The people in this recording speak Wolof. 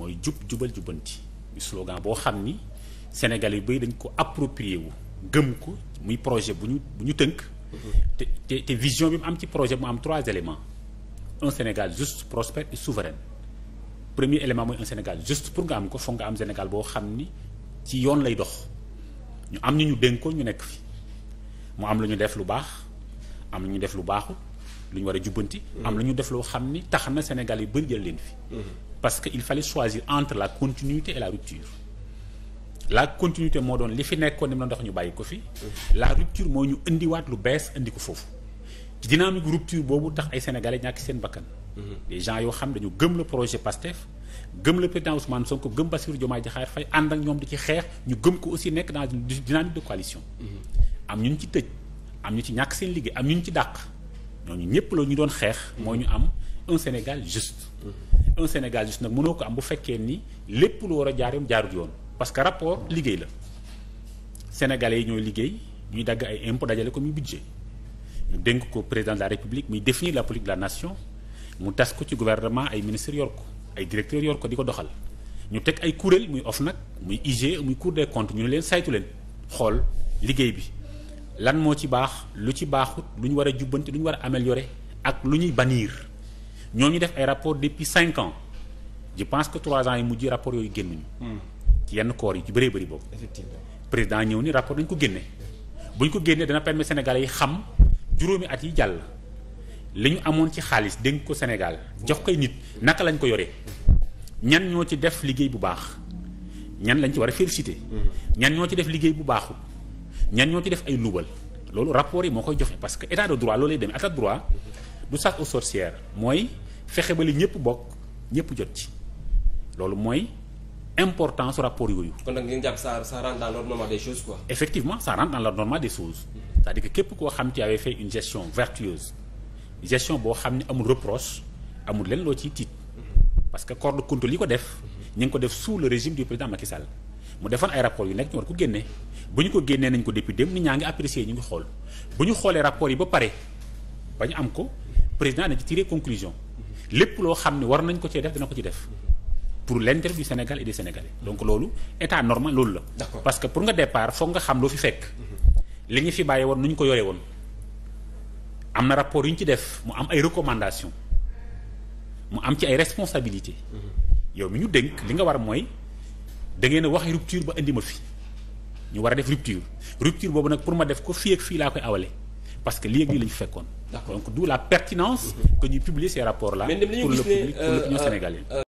mooy jub jubal jubanti bi slogan boo xam ni Sénégal yu bëri dañ ko approprié wu gëm ko muy projet bu ñu bu ñu tënk te te te bi am ci projet mu am trois éléments un Sénégal juste prospère et souverain premier élément mooy un Sénégal juste pour nga am ko foog nga am Sénégal boo xam ni ci yoon lay dox ñu am ñu ñu dénk ko ñu nekk fi mu am lu ñu def lu baax am lu def lu baaxu lu ñu war a jubbanti am lu ñu def loo xam ni tax na Sénégal yu bëri jël leen fi parce que il fallait choisir entre la continuité et la rupture la continuité moo doon li fi nekkoon ni na ndox ñu bàyyi ko fi la rupture moo ñu indiwaat lu bees indi ko foofu ci dynamique rupture boobu tax ay sénégalais ñàkk seen bakkan mhm. des gens yoo xam dañu gëm le projet PASTEF gëm le président Ousmane Sonko gëm Bassirou Diomaye Diakhar Faye ànd ak ñoom di ci xeex ñu gëm ko aussi nekk dans une dynamique de coalition mhm. am ñu ñu ci tëj am ñu ci ñàkk seen liggéey am ñu ñu ci dàq ñooñu ñëpp la ñu doon xeex mhm. moo ñu am un Sénégal un Sénégal juste nag ko am bu fekkee ni lépp lu a jaar yoon yoon parce que rapport liggéey la sénégalais yi ñooy liggéey ñuy dagg ay impôts dajale ko muy budget ñu dénk ko président de la muy définir la la nation mu tas ko ci gouvernement ay ministres yor ko ay directeurs yor ko di ko doxal ñu teg ay kuréel muy OFNAC muy IG e, muy cour des comptes ñu ne leen saytu leen xool liggéey bi lan moo ci baax lu ci baaxut lu ñu war a jubbanti lu ñu war a améliorer ak lu ñuy bannir ñoo ñu def ay rapport depuis cinq ans je pense que trois ans yi mujj rapport yooyu génnuñu. Hmm. ci yenn koor yi ci bëree bëri boobu. effectivement président ñëw ni rapport dañ ko génne. bu ñu ko génnee dana permettre Sénégalais yi xam juróomi at yi jàll li ñu amoon ci xaalis dénk ko Sénégal jox koy nit naka lañ ko yoree ñan ñoo ci def liggéey bu baax ñan lañ ci war a félicité. Hmm. ñan ñoo ci def liggéey bu baaxul ñan ñoo ci def ay luubal loolu rapport yi moo koy joxe parce que état de droit loolu lay demee du chasse aux sorcières mooy fexe ba li ñëpp bokk ñëpp jot ci loolu mooy importance rapport yooyu. kon nag ngeen jàpp ça ça rentre dans l'ordre normal des choses effectivement ça rentre dans l'ordre normal des choses cest à képp koo xam ci avait fait une gestion vertueuse une gestion boo xam ne amul reproche amul lenn loo ciy tiit parce que corps de contrôle yi ko def ñu ngi ko def sous le régime du président Macky Sall mu defoon ay rapports yu nekk ñu war ko génne bu ñu ko génnee nañ ko depuis dem nit ñaa ngi apprécier ñu ngi xool bu ñu xoolee rapports yi ba pare ba am ko. président na ci tiré conclusion lépp loo xam ne war nañ ko cee def dina ko ci def pour l'intérêt du Sénégal et des Sénégalais donc loolu état normal loolu la. parce que pour nga départ foog nga xam loo fi fekk. Mhm. li nga fi bàyyi woon nu ñu ko yore woon am na rapport yu ñu ci def mu am ay recommandation mu am ci ay responsabilité mhm. yow mi ñu dénk li nga war mooy da ngeen a wax rupture ba indi ma fi ñu war a def rupture rupture boobu nag pour ma def ko fii ak fii laa koy awale parce que lii ak lii fekkoon. d'accord donc d'où la pertinence mm-hmm. que ñuy publier ces rapports là. pour l'opinion euh, euh, sénégalaise.